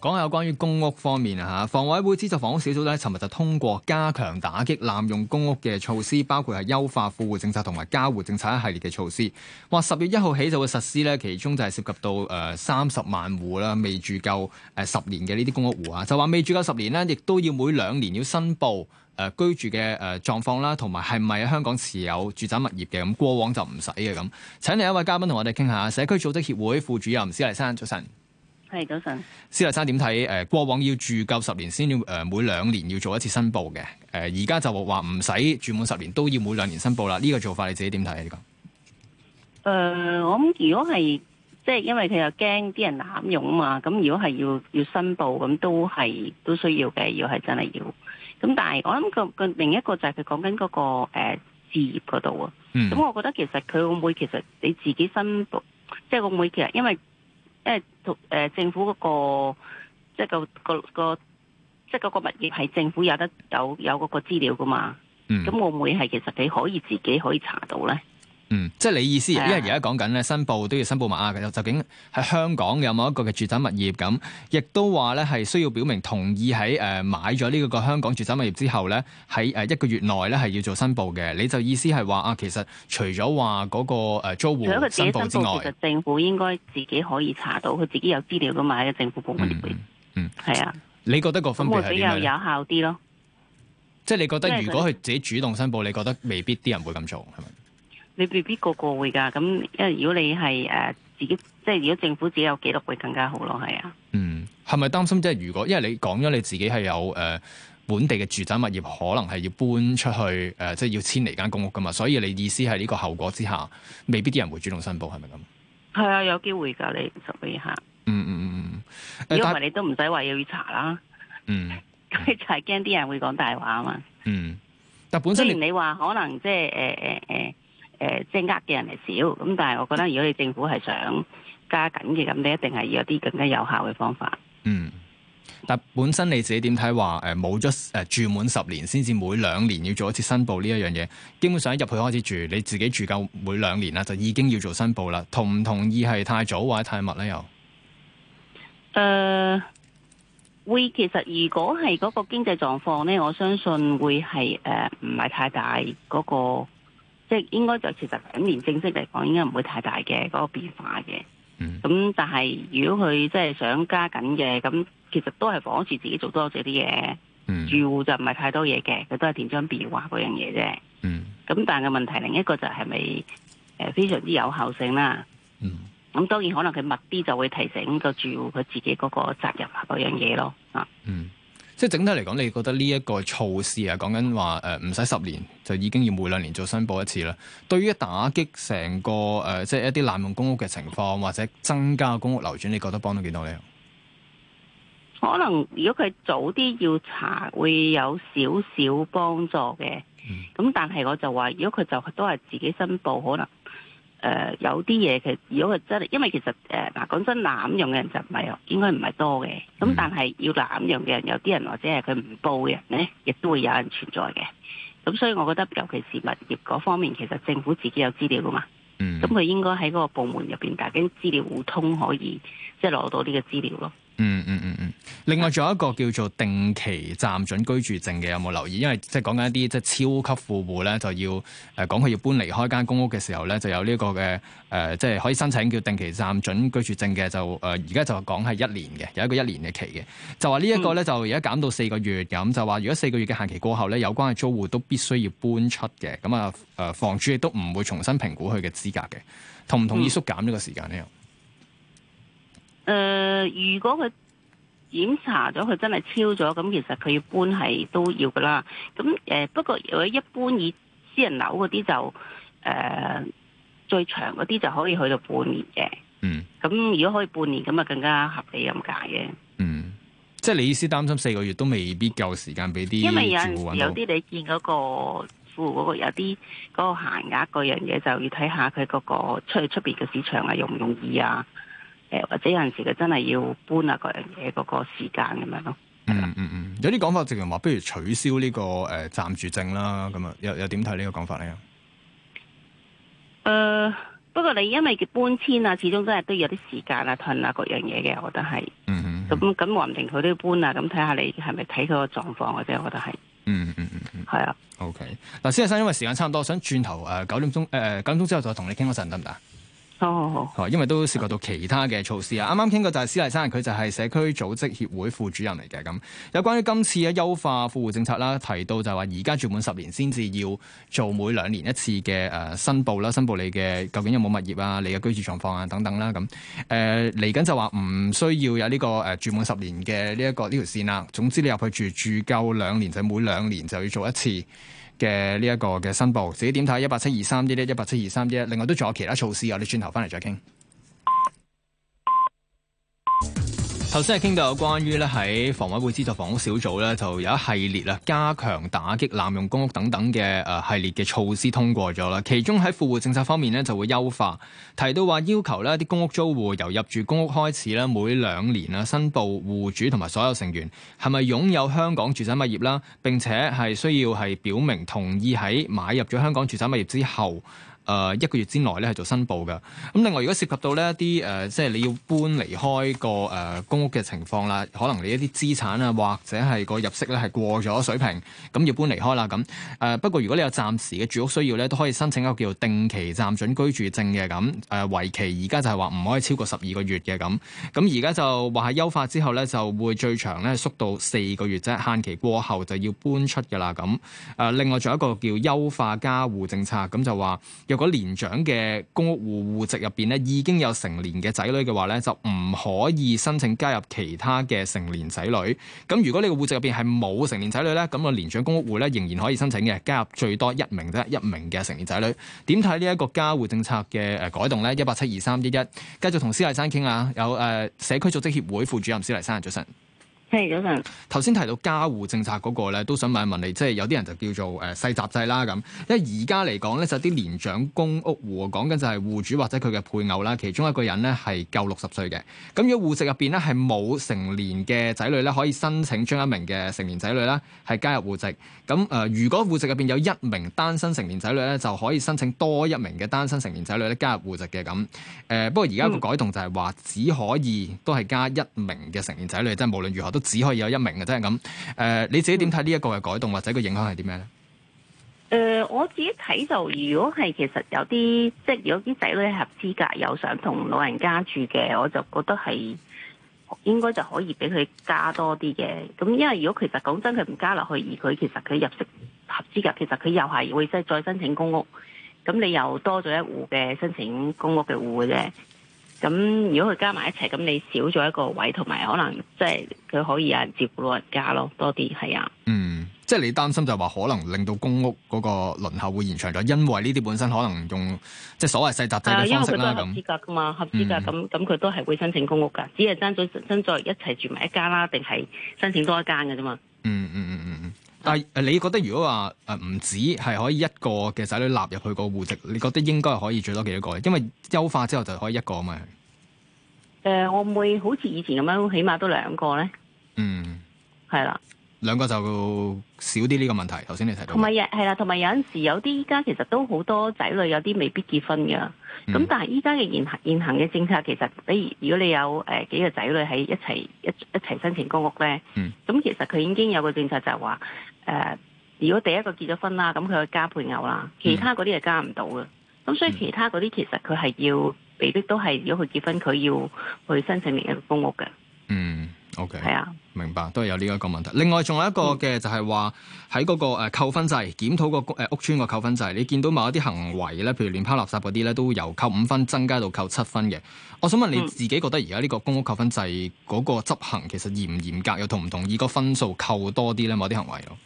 講下有關於公屋方面啊吓，房委會資助房屋小組咧，尋日就通過加強打擊濫用公屋嘅措施，包括係優化富戶政策同埋加戶政策一系列嘅措施。哇！十月一號起就會實施咧，其中就係涉及到誒三十萬戶啦，未住夠誒十年嘅呢啲公屋戶啊，就話未住夠十年呢，亦都要每兩年要申報誒居住嘅誒狀況啦，同埋係咪喺香港持有住宅物業嘅，咁過往就唔使嘅咁。請另一位嘉賓同我哋傾下社區組織協會副主任施麗珊，早晨。係早晨，施麗珊點睇？誒、呃，過往要住夠十年先要誒、呃，每兩年要做一次申報嘅。誒、呃，而家就話唔使住滿十年都要每兩年申報啦。呢、這個做法你自己點睇呢個？誒、呃，我諗如果係即係，因為佢又驚啲人濫用啊嘛。咁如果係要要申報，咁都係都需要嘅。要係真係要。咁但係我諗、那個個另一個就係佢講緊嗰個誒置、呃、業嗰度啊。咁、嗯、我覺得其實佢會唔會其實你自己申報，即係會唔會其實因為？因為同政府嗰、嗰個即係、即係嗰個、即係、個個即係嗰物業係政府有得有有嗰個資料噶嘛，咁會唔、嗯、會係其實佢可以自己可以查到咧。嗯，即係你意思，的因為而家講緊咧，申報都要申報埋啊。究竟喺香港有冇一個嘅住宅物業？咁亦都話咧係需要表明同意喺誒買咗呢個個香港住宅物業之後咧，喺誒一個月內咧係要做申報嘅。你就意思係話啊，其實除咗話嗰個誒租戶申報之外，政府應該自己可以查到佢自己有資料噶嘛？喺政府部門入邊，嗯，係啊的。你覺得個分別係比較有效啲咯？即係你覺得，如果佢自己主動申報，你覺得未必啲人會咁做，係咪？你未必個個會㗎，咁因為如果你係誒、呃、自己，即係如果政府自己有記錄，會更加好咯，係啊。嗯，係咪擔心即係如果，因為你講咗你自己係有誒、呃、本地嘅住宅物業，可能係要搬出去誒、呃，即係要遷離間公屋㗎嘛？所以你意思係呢個後果之下，未必啲人會主動申報，係咪咁？係啊，有機會㗎，你準備一下。嗯嗯嗯嗯，因為你都唔使話要去查啦。嗯。嗯嗯你嗯嗯 就係驚啲人會講大話啊嘛。嗯。但本身你話可能即係誒誒誒。呃呃呃呃誒、呃，即係呃嘅人係少，咁但係我覺得，如果你政府係想加緊嘅，咁你一定係要有啲更加有效嘅方法。嗯，但本身你自己點睇話誒冇咗誒住滿十年先至每兩年要做一次申報呢一樣嘢？基本上一入去開始住，你自己住夠每兩年啦，就已經要做申報啦。同唔同意係太早或者太密咧？又誒、呃，會其實如果係嗰個經濟狀況咧，我相信會係誒唔係太大嗰、嗰個。即係應該就其實近年正式嚟講，應該唔會太大嘅嗰個變化嘅。咁、嗯、但係如果佢即係想加緊嘅，咁其實都係幫住自己做多咗啲嘢。嗯、住戶就唔係太多嘢嘅，佢都係填商變化嗰樣嘢啫。咁、嗯、但係嘅問題另一個就係咪誒非常之有效性啦？咁、嗯、當然可能佢密啲就會提醒個住戶佢自己嗰個責任啊嗰樣嘢咯啊。嗯即係整體嚟講，你覺得呢一個措施啊，講緊話誒，唔使十年就已經要每兩年做申報一次咧。對於打擊成個誒、呃，即係一啲濫用公屋嘅情況，或者增加公屋流轉，你覺得幫到幾多呢？可能如果佢早啲要查，會有少少幫助嘅。咁、嗯、但係我就話，如果佢就都係自己申報，可能。誒、呃，有啲嘢，其實如果佢真係，因為其實誒，嗱、呃、講真，濫用嘅人就唔係哦，應該唔係多嘅。咁、mm hmm. 但係要濫用嘅人，有啲人或者係佢唔報嘅人咧，亦都會有人存在嘅。咁所以我覺得，尤其是物業嗰方面，其實政府自己有資料噶嘛。嗯、mm。咁、hmm. 佢應該喺嗰個部門入邊，大家資料互通，可以即係攞到呢個資料咯。嗯嗯嗯嗯，另外仲有一個叫做定期暫准居住證嘅，有冇留意？因為即係講緊一啲即係超級富戶咧，就要誒，講佢要搬離開間公屋嘅時候咧，就有呢一個嘅誒、呃，即係可以申請叫定期暫准居住證嘅，就誒而家就講係一年嘅，有一個一年嘅期嘅，就話呢一個咧就而家減到四個月咁，就話如果四個月嘅限期過後咧，有關嘅租戶都必須要搬出嘅，咁啊誒房主亦都唔會重新評估佢嘅資格嘅，同唔同意縮減呢個時間呢？嗯誒、呃，如果佢檢查咗，佢真係超咗，咁其實佢要搬係都要噶啦。咁誒、呃，不過如果一般以私人樓嗰啲就誒、呃、最長嗰啲就可以去到半年嘅。嗯。咁如果可以半年，咁啊更加合理咁解嘅。嗯，即係你意思擔心四個月都未必夠時間俾啲住戶搵到。因為有啲你見嗰個戶嗰、那個有啲嗰個閒額嗰樣嘢，就要睇下佢嗰個出去出邊嘅市場啊，容唔容易啊？誒，或者有陣時佢真係要搬啊，各樣嘢嗰個時間咁樣咯。嗯嗯嗯，有啲講法直情話，不如取消呢、這個誒暫、呃、住證啦。咁啊，又又點睇呢個講法咧？誒、呃，不過你因為搬遷啊，始終都係都有啲時間啊、褪啊各樣嘢嘅，我覺得係。嗯嗯嗯。咁咁話唔定佢都要搬啊，咁睇下你係咪睇佢個狀況嘅啫，我覺得係。嗯嗯嗯嗯，係、嗯、啊。O K，嗱，吧 okay。先生，因為時間差唔多，想轉頭誒九點鐘誒九點鐘之後再同你傾多陣，得唔得？哦，哦，因為都涉及到其他嘅措施啊！啱啱傾過就係施麗珊，佢就係社區組織協會副主任嚟嘅咁。有關於今次嘅優化富戶政策啦，提到就係話而家住滿十年先至要做每兩年一次嘅誒申報啦，申報你嘅究竟有冇物業啊、你嘅居住狀況啊等等啦咁。誒嚟緊就話唔需要有呢、這個誒、呃、住滿十年嘅呢一個呢條、這個這個、線啦。總之你入去住，住夠兩年就每兩年就要做一次。嘅呢一個嘅申報，自己點睇一八七二三一一，一八七二三一一，另外都仲有其他措施啊，我哋轉頭翻嚟再傾。頭先係傾到有關於咧喺房委會資助房屋小組咧，就有一系列啦，加強打擊濫用公屋等等嘅誒、呃、系列嘅措施通過咗啦。其中喺富戶政策方面咧，就會優化，提到話要求咧啲公屋租戶由入住公屋開始咧，每兩年啦申報戶主同埋所有成員係咪擁有香港住宅物業啦，並且係需要係表明同意喺買入咗香港住宅物業之後。誒、呃、一個月之內咧係做申報嘅。咁另外如果涉及到呢一啲誒、呃，即係你要搬離開個誒、呃、公屋嘅情況啦，可能你一啲資產啊，或者係個入息咧係過咗水平，咁要搬離開啦。咁誒不過如果你有暫時嘅住屋需要咧，都可以申請一個叫做定期暫准居住證嘅。咁誒，呃、為期而家就係話唔可以超過十二個月嘅。咁咁而家就話係優化之後咧，就會最長咧縮到四個月啫。限期過後就要搬出嘅啦。咁誒、呃，另外仲有一個叫優化加戶政策，咁就話如果年長嘅公屋戶戶籍入邊咧已經有成年嘅仔女嘅話咧，就唔可以申請加入其他嘅成年仔女。咁如果呢個戶籍入邊係冇成年仔女咧，咁、個年長公屋戶咧仍然可以申請嘅，加入最多一名仔一名嘅成年仔女。點睇呢一個加戶政策嘅誒改動咧？一八七二三一一，繼續同施麗珊傾下，有誒社區組織協會副主任施麗珊早晨。係嗰陣，頭先提到加戶政策嗰個咧，都想問一問你，即係有啲人就叫做誒世襲制啦咁。因為而家嚟講咧，就啲、是、年長公屋戶，講緊就係戶主或者佢嘅配偶啦，其中一個人咧係夠六十歲嘅。咁如果戶籍入邊咧係冇成年嘅仔女咧，可以申請將一名嘅成年仔女啦，係加入戶籍。咁誒，如果戶籍入邊有一名單身成年仔女咧，就可以申請多一名嘅單身成年仔女咧加入戶籍嘅。咁誒、呃，不過而家個改動就係話，嗯、只可以都係加一名嘅成年仔女，即係無論如何都。只可以有一名嘅，真係咁。誒、呃，你自己點睇呢一個嘅改動或者個影響係點樣咧？誒、呃，我自己睇就，如果係其實有啲，即係如果啲仔女合資格有想同老人家住嘅，我就覺得係應該就可以俾佢加多啲嘅。咁因為如果其實講真，佢唔加落去，而佢其實佢入息合資格，其實佢又係會即係再申請公屋，咁你又多咗一戶嘅申請公屋嘅戶嘅啫。咁如果佢加埋一齊，咁你少咗一個位，同埋可能即係佢可以有人照顧老人家咯，多啲係啊。嗯，即係你擔心就係話可能令到公屋嗰個輪候會延長咗，因為呢啲本身可能用即係所謂細集制嘅方式、啊、因為佢都係合資格噶嘛，嗯、合資格咁咁，佢、嗯、都係會申請公屋噶，只係爭咗爭在一齊住埋一間啦，定係申請多一間嘅啫嘛。嗯嗯嗯嗯嗯。嗯但係、啊，你覺得如果話誒唔止係可以一個嘅仔女納入去個戶籍，你覺得應該可以最多幾多個？因為優化之後就可以一個啊嘛。誒、呃，我唔會好似以前咁樣，起碼都兩個咧。嗯，係啦的，兩個就少啲呢個問題。頭先你提到。同埋啦，同埋有陣時有啲依家其實都好多仔女有啲未必結婚㗎。咁、嗯、但係依家嘅現行現行嘅政策其實，比如如果你有誒幾個仔女喺一齊一一齊申請公屋咧，咁、嗯、其實佢已經有個政策就係話。誒、呃，如果第一個結咗婚啦，咁佢可以加配偶啦，其他嗰啲係加唔到嘅。咁、嗯、所以其他嗰啲其實佢係要俾的都係，如果佢結婚，佢要去申請另一個公屋嘅。嗯，OK，係啊，明白，都係有呢一個問題。另外仲有一個嘅就係話喺嗰個扣分制檢討個誒屋邨個扣分制，分制你見到某一啲行為咧，譬如亂拋垃圾嗰啲咧，都由扣五分增加到扣七分嘅。我想問你、嗯、自己覺得而家呢個公屋扣分制嗰個執行其實嚴唔嚴格，又同唔同意個分數扣多啲咧？某啲行為咯。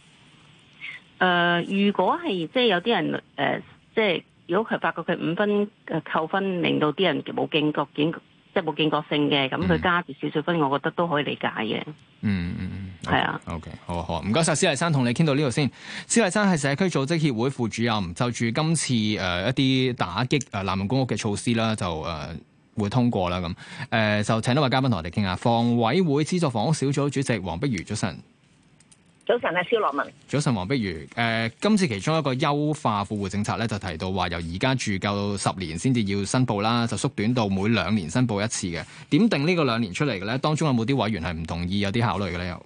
誒，如果係即係有啲人誒，即係如果佢發覺佢五分誒扣分，令到啲人冇警覺警，即係冇警覺性嘅，咁佢加住少少分，我覺得都可以理解嘅。嗯嗯嗯，係啊。OK，好好啊，唔該晒。施麗珊同你傾到呢度先。施麗珊係社區組織協會副主任，就住今次誒一啲打擊誒濫用公屋嘅措施啦，就誒會通過啦咁。誒就請一位嘉賓同我哋傾下。房委會資助房屋小組主席黃碧如早晨。早晨，啊蕭樂文。早晨，黃碧如。誒、呃，今次其中一個優化富戶政策咧，就提到話由而家住夠十年先至要申報啦，就縮短到每兩年申報一次嘅。點定呢個兩年出嚟嘅咧？當中有冇啲委員係唔同意有啲考慮嘅咧？又誒、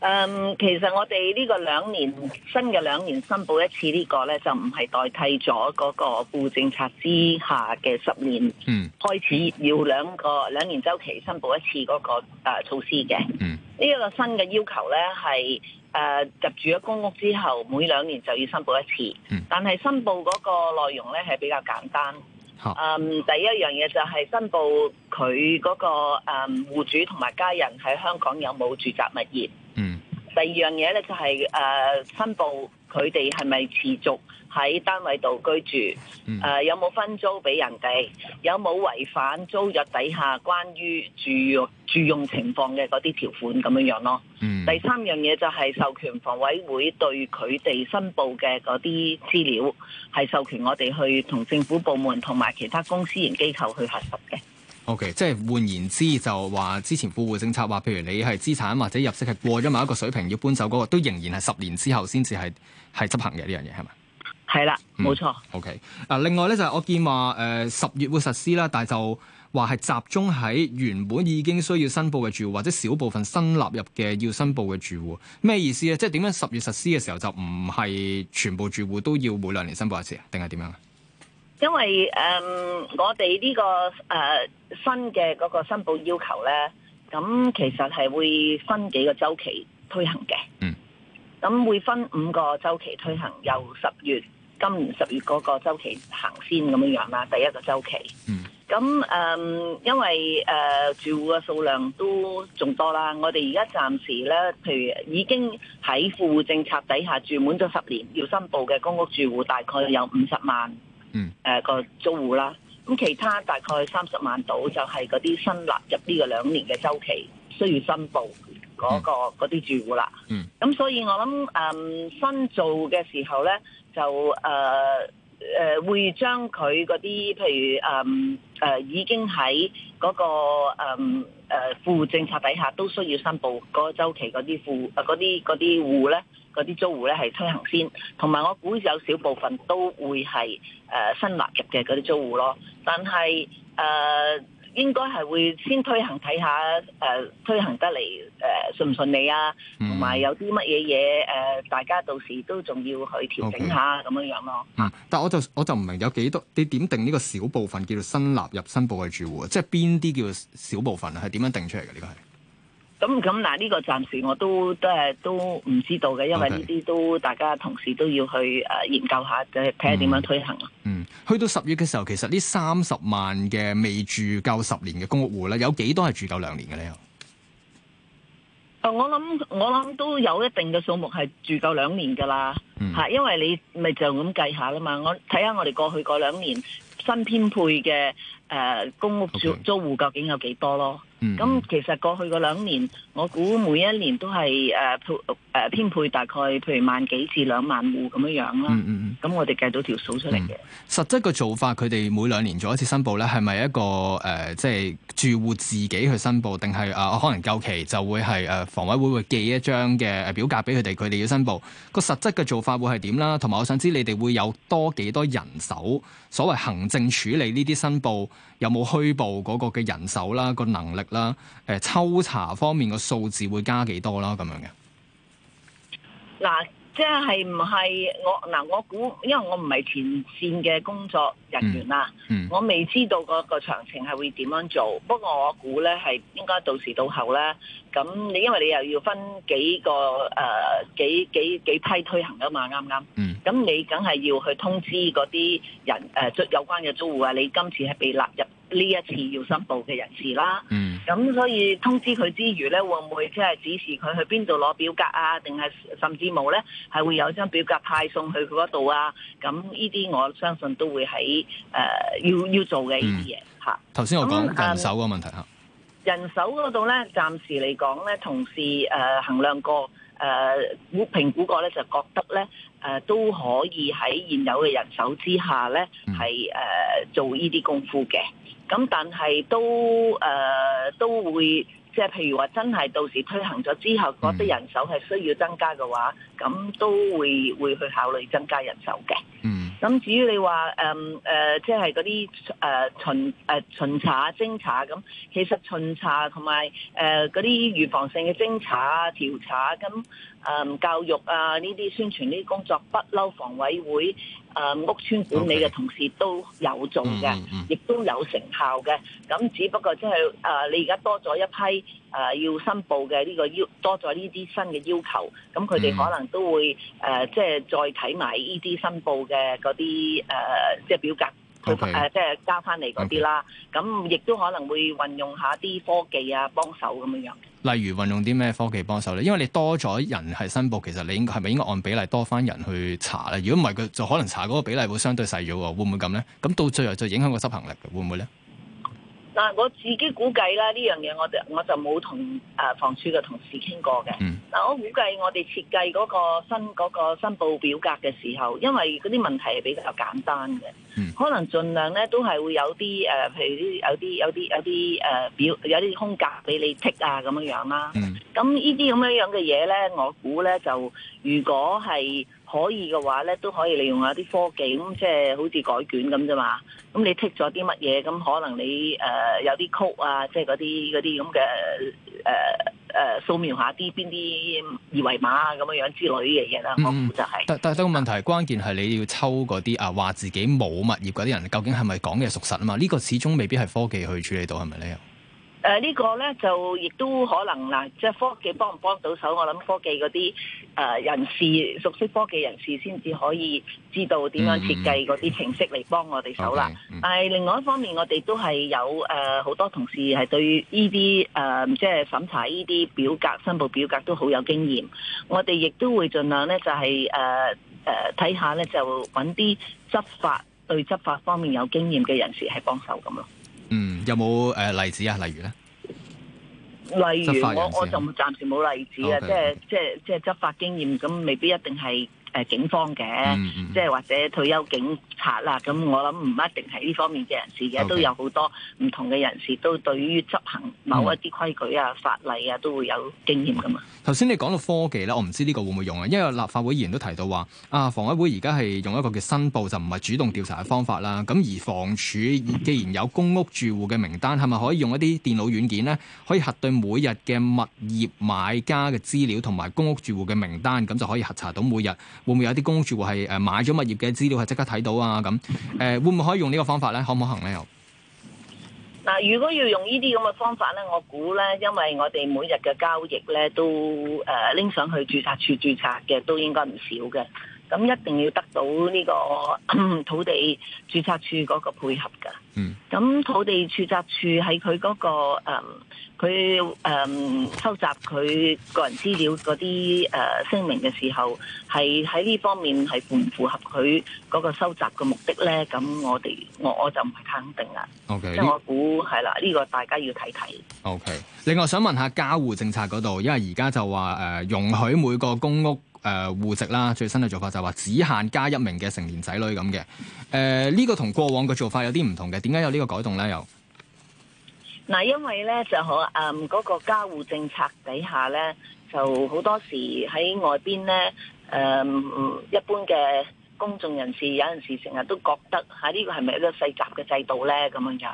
嗯，其實我哋呢個兩年新嘅兩年申報一次個呢個咧，就唔係代替咗嗰個富戶政策之下嘅十年，嗯，開始要兩個兩年周期申報一次嗰、那個誒、呃、措施嘅，嗯。呢一個新嘅要求呢，係誒、呃、入住咗公屋之後，每兩年就要申報一次。但係申報嗰個內容呢，係比較簡單。嗯，第一樣嘢就係申報佢嗰、嗰個誒、嗯、戶主同埋家人喺香港有冇住宅物業。嗯。第二樣嘢呢、就係，就係誒申報。佢哋係咪持續喺單位度居住？誒、呃、有冇分租俾人哋？有冇違反租約底下關於住住用情況嘅嗰啲條款咁樣樣咯？第三樣嘢就係授權房委會對佢哋申報嘅嗰啲資料係授權我哋去同政府部門同埋其他公私營機構去核實嘅。O.K. 即係換言之，就話之前富戶政策話，譬如你係資產或者入息係過咗某一個水平要搬走嗰個，都仍然係十年之後先至係係執行嘅呢樣嘢，係咪？係啦，冇錯。O.K. 啊，另外咧就係、是、我見話誒十月會實施啦，但係就話係集中喺原本已經需要申報嘅住戶，或者少部分新納入嘅要申報嘅住戶，咩意思咧？即係點樣十月實施嘅時候就唔係全部住戶都要每兩年申報一次啊？定係點樣？因為嗯，um, 我哋呢，這個誒，uh, 新嘅嗰個申報要求咧，咁，嗯，其實係會分幾個周期推行嘅。嗯。咁，嗯，會分五個周期推行，由十月今年十月嗰個周期行先咁樣樣啦，第一個周期。嗯。咁嗯，嗯，因為誒，uh, 住戶嘅數量都仲多啦，我哋而家暫時咧，譬如已經喺富戶政策底下住滿咗十年要申報嘅公屋住戶，大概有五十萬。嗯，誒個租戶啦，咁其他大概三十萬到，就係嗰啲新納入呢個兩年嘅週期需要申報嗰、嗰個嗰啲、嗯、住戶啦。嗯，咁所以我諗誒、呃、新做嘅時候咧就誒。呃誒會將佢嗰啲，譬如誒誒、嗯啊、已經喺嗰、那個誒誒、嗯啊、富戶政策底下都需要申報嗰個週期嗰啲戶，嗰啲嗰啲戶咧，嗰啲租戶咧係推行先，同埋我估有少部分都會係誒、啊、新納入嘅嗰啲租戶咯，但係誒。啊應該係會先推行睇下，誒、呃、推行得嚟誒、呃、順唔順利啊，同埋、嗯、有啲乜嘢嘢誒，大家到時都仲要去調整下咁 Okay. 樣樣咯。嗯，但係我就我就唔明有幾多？你點定呢個小部分叫做新納入申報嘅住戶？即係邊啲叫做小部分啊？係點樣定出嚟嘅？呢、這個係。咁咁嗱，呢個暫時我都都係都唔知道嘅，因為呢啲都大家同事都要去誒研究下，就係睇下點樣推行啦、嗯。嗯，去到十月嘅時候，其實呢三十萬嘅未住夠十年嘅公屋戶啦，有幾多係住夠兩年嘅呢、呃？我諗我諗都有一定嘅數目係住夠兩年噶啦，嚇、嗯，因為你咪就咁計下啦嘛。我睇下我哋過去嗰兩年新編配嘅誒、uh, 公屋租 Okay. 租戶究竟有幾多咯？咁、mm hmm. 其實過去嗰兩年，我估每一年都係誒配誒編配大概譬如萬幾至兩萬戶咁樣樣啦。咁、mm hmm. 我哋計到條數出嚟嘅。Mm hmm. 實質嘅做法，佢哋每兩年做一次申報咧，係咪一個誒，即、呃、係、就是、住戶自己去申報，定係啊可能夠期就會係誒、啊、房委會會寄一張嘅表格俾佢哋，佢哋要申報、那個實質嘅做法會係點啦？同埋我想知你哋會有多幾多人手，所謂行政處理呢啲申報。有冇虛報嗰個嘅人手啦、個能力啦、誒抽查方面個數字會加幾多啦咁樣嘅？嗱、嗯，即係唔係我嗱？我估，因為我唔係前線嘅工作人員啦，我未知道個個詳情係會點樣做。不過我估咧，係應該到時到後咧。咁你因為你又要分幾個誒、呃、幾幾幾批推行啊嘛，啱唔啱。嗯。咁你梗係要去通知嗰啲人誒，呃、有關嘅租戶啊，你今次係被納入呢一次要申報嘅人士啦。嗯。咁所以通知佢之餘咧，會唔會即係指示佢去邊度攞表格啊？定係甚至冇咧，係會有張表格派送去佢嗰度啊？咁呢啲我相信都會喺誒、呃、要要做嘅呢啲嘢嚇。頭先、嗯、我講人手嗰個問題、嗯嗯人手嗰度咧，暫時嚟講咧，同事誒衡量過誒估評估過咧、呃，就覺得咧誒、呃、都可以喺現有嘅人手之下咧，係誒、呃、做呢啲功夫嘅。咁但係都誒、呃、都會，即係譬如話真係到時推行咗之後，覺得人手係需要增加嘅話，咁都會會去考慮增加人手嘅。嗯咁至於你話誒誒，即係嗰啲誒巡誒巡查、偵查咁，其實巡查同埋誒嗰啲預防性嘅偵查啊、調查咁誒、嗯、教育啊呢啲宣傳呢啲工作，不嬲房委會，誒屋邨管理嘅同事都有做嘅，亦都有成效嘅。咁只不過即係誒，你而家多咗一批誒要申報嘅呢個要多咗呢啲新嘅要求，咁佢哋可能都會誒即係再睇埋呢啲申報嘅嗰啲誒即係表格。佢誒即係加翻嚟嗰啲啦，咁亦都可能會運用下啲科技啊幫手咁樣樣。例如運用啲咩科技幫手咧？因為你多咗人係申報，其實你應該係咪應該按比例多翻人去查咧？如果唔係，佢就可能查嗰個比例會相對細咗喎，會唔會咁咧？咁到最後就影響個執行力嘅，會唔會咧？但我自己估計啦，呢樣嘢我就我就冇同誒房署嘅同事傾過嘅。Mm. 但係我估計我哋設計嗰個新嗰、那個新報表格嘅時候，因為嗰啲問題係比較簡單嘅，mm. 可能儘量咧都係會有啲誒，譬、呃、如有啲有啲有啲誒、呃、表有啲空格俾你剔 i 啊咁樣啊、mm. 這這樣啦。咁呢啲咁樣樣嘅嘢咧，我估咧就如果係。可以嘅話咧，都可以利用下啲科技，咁即係好似改卷咁啫嘛。咁你剔咗啲乜嘢，咁可能你誒、呃、有啲曲啊，即係嗰啲嗰啲咁嘅誒誒掃描一下啲邊啲二維碼啊，咁樣樣之類嘅嘢啦，就係、嗯。但係等個問題關鍵係你要抽嗰啲啊話自己冇物業嗰啲人，究竟係咪講嘅屬實啊嘛？呢、這個始終未必係科技去處理到，係咪咧？誒，呢、呃呢個呢，就亦都可能嗱，即係科技幫唔幫到手？我諗科技嗰啲誒人士，熟悉科技人士先至可以知道點樣設計嗰啲程式嚟幫我哋手啦。嗯、但係另外一方面，我哋都係有誒好、呃、多同事係對呢啲誒即係審查呢啲表格、申報表格都好有經驗。我哋亦都會盡量呢，就係誒誒睇下呢，就揾啲執法對執法方面有經驗嘅人士係幫手咁咯。嗯，有冇誒、呃、例子啊？例如呢，例如我我就暫時冇例子啊，哦、okay, okay. 即係即係即係執法經驗，咁未必一定係。誒警方嘅，即係、嗯、或者退休警察啦，咁我諗唔一定係呢方面嘅人士嘅，都有好多唔同嘅人士都對於執行某一啲規矩啊、嗯、法例啊，都會有經驗噶嘛。頭先你講到科技啦，我唔知呢個會唔會用啊？因為立法會議員都提到話啊，房委會而家係用一個嘅申報就唔係主動調查嘅方法啦。咁而房署既然有公屋住戶嘅名單，係咪可以用一啲電腦軟件呢？可以核對每日嘅物業買家嘅資料同埋公屋住戶嘅名單，咁就可以核查到每日？會唔會有啲公住戶係誒買咗物業嘅資料係即刻睇到啊？咁誒，會唔會可以用呢個方法咧？可唔可行咧？又嗱，如果要用呢啲咁嘅方法咧，我估咧，因為我哋每日嘅交易咧都誒拎上去註冊處註冊嘅，都應該唔少嘅。咁一定要得到呢、這個 土地註冊處嗰個配合㗎。嗯。咁土地註冊處喺佢嗰個誒。呃佢誒、嗯、收集佢個人資料嗰啲誒聲明嘅時候，係喺呢方面係符唔符合佢嗰個收集嘅目的咧？咁我哋我我就唔係肯定啦。O Okay , K，即係我估係啦，呢這、這個大家要睇睇。O、okay. K，另外想問下加戶政策嗰度，因為而家就話誒、呃、容許每個公屋誒、呃、戶籍啦，最新嘅做法就話只限加一名嘅成年仔女咁嘅。誒、呃、呢、這個同過往嘅做法有啲唔同嘅，點解有呢個改動咧？又？嗱，因為咧就可，嗯，嗰、那個富戶政策底下咧，就好多時喺外邊咧，誒、嗯，一般嘅公眾人士有陣時成日都覺得，嚇、啊、呢、這個係咪一個世襲嘅制度咧？咁樣樣，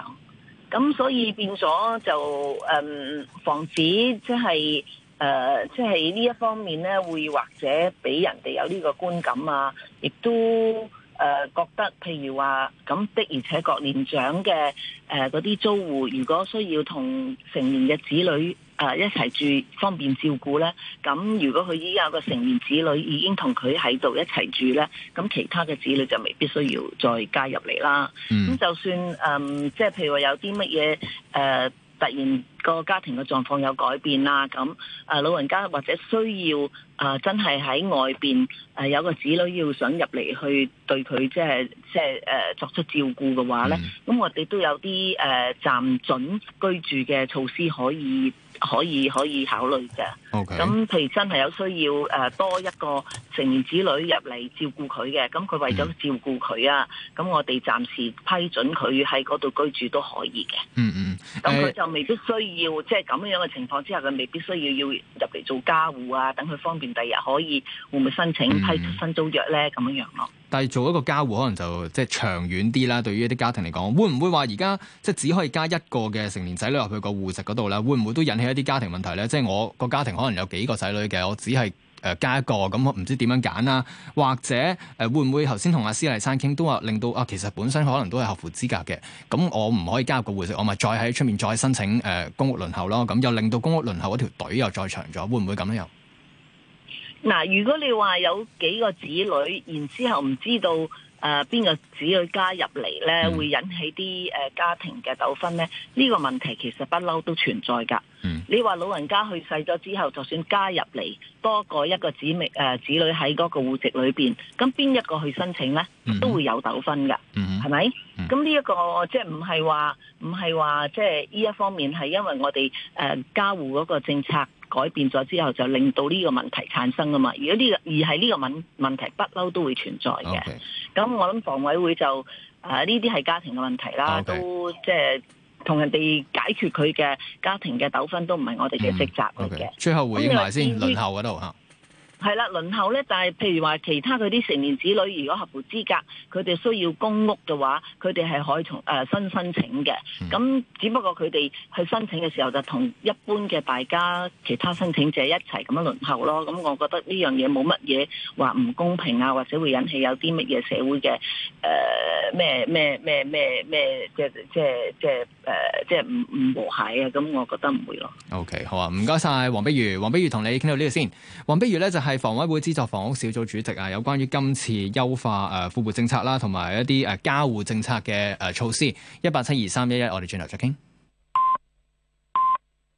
咁所以變咗就，嗯，防止即係，誒、呃，即係呢一方面咧，會或者俾人哋有呢個觀感啊，亦都。誒、呃、覺得，譬如話咁的，而且各年長嘅誒嗰啲租戶，如果需要同成年嘅子女誒、呃、一齊住，方便照顧咧，咁如果佢依家有個成年子女已經同佢喺度一齊住咧，咁其他嘅子女就未必需要再加入嚟啦。咁、嗯、就算誒，即、呃、係譬如話有啲乜嘢誒突然。個家庭嘅狀況有改變啦，咁誒老人家或者需要誒、呃、真係喺外邊誒、呃、有個子女要想入嚟去對佢即係即係誒作出照顧嘅話咧，咁我哋都有啲誒暫准居住嘅措施可以。可以可以考慮嘅，咁 Okay. 譬如真係有需要誒多一個成年子女入嚟照顧佢嘅，咁佢為咗照顧佢啊，咁、mm hmm. 我哋暫時批准佢喺嗰度居住都可以嘅。嗯嗯、mm，咁、hmm. 佢就未必需要，Hey. 即係咁樣嘅情況之下，佢未必需要要入嚟做家護啊，等佢方便第日可以會唔會申請批出新租約呢？咁、mm hmm. 樣樣咯。但係做一個家戶可能就即係長遠啲啦。對於一啲家庭嚟講，會唔會話而家即係只可以加一個嘅成年仔女入去個戶籍嗰度咧？會唔會都引起一啲家庭問題咧？即係我個家庭可能有幾個仔女嘅，我只係誒加一個，咁我唔知點樣揀啦？或者誒會唔會頭先同阿施麗珊傾都話令到啊，其實本身可能都係合乎資格嘅，咁我唔可以加入個戶籍，我咪再喺出面再申請誒、呃、公屋輪候咯。咁又令到公屋輪候嗰條隊又再長咗，會唔會咁咧？嗱，如果你話有幾個子女，然之後唔知道誒邊、呃、個子女加入嚟咧，會引起啲誒、呃、家庭嘅糾紛咧？呢、這個問題其實不嬲都存在㗎。嗯、你話老人家去世咗之後，就算加入嚟多過一個子女誒、呃、子女喺嗰個戶籍裏邊，咁邊一個去申請咧，都會有糾紛㗎。係咪、嗯？咁呢一個即係唔係話唔係話即係呢一方面係因為我哋誒加戶嗰個政策。改變咗之後，就令到呢個問題產生㗎嘛？如果呢個而係呢個問問題，不嬲都會存在嘅。咁 Okay. 我諗房委會就誒，呢啲係家庭嘅問題啦，Okay. 都即係同人哋解決佢嘅家庭嘅糾紛，都唔係我哋嘅職責嚟嘅。Okay. 最後回應埋先，輪候嗰度吓。係啦，輪候咧，但係譬如話其他嗰啲成年子女，如果合乎資格，佢哋需要公屋嘅話，佢哋係可以重新申請嘅。咁只不過佢哋去申請嘅時候，就同一般嘅大家其他申請者一齊咁樣輪候咯。咁我覺得呢樣嘢冇乜嘢話唔公平啊，或者會引起有啲乜嘢社會嘅誒咩咩咩咩咩，即係即係即係誒即係唔唔和諧啊。咁我覺得唔會咯。OK，好啊，唔該晒，黃碧如，黃碧如同你傾到呢度先。黃碧如咧就係。房委會資助房屋小組主席啊，有關於今次優化誒富戶政策啦，同埋一啲誒加護政策嘅誒措施，一八七二三一一，我哋轉頭再傾。